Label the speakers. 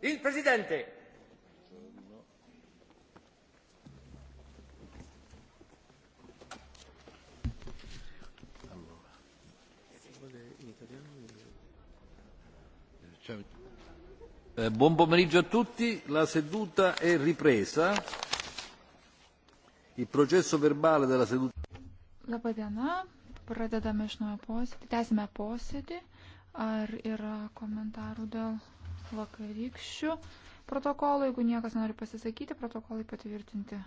Speaker 1: Il Presidente.
Speaker 2: Eh, buon pomeriggio a tutti, la seduta è ripresa. Il processo verbale della seduta.
Speaker 3: Labai diena, pradedame iš naujo posėdį, tęsime posėdį. Ar yra komentarų dėl vakarykščių protokolų. Jeigu niekas nenori pasisakyti, protokolai patvirtinti.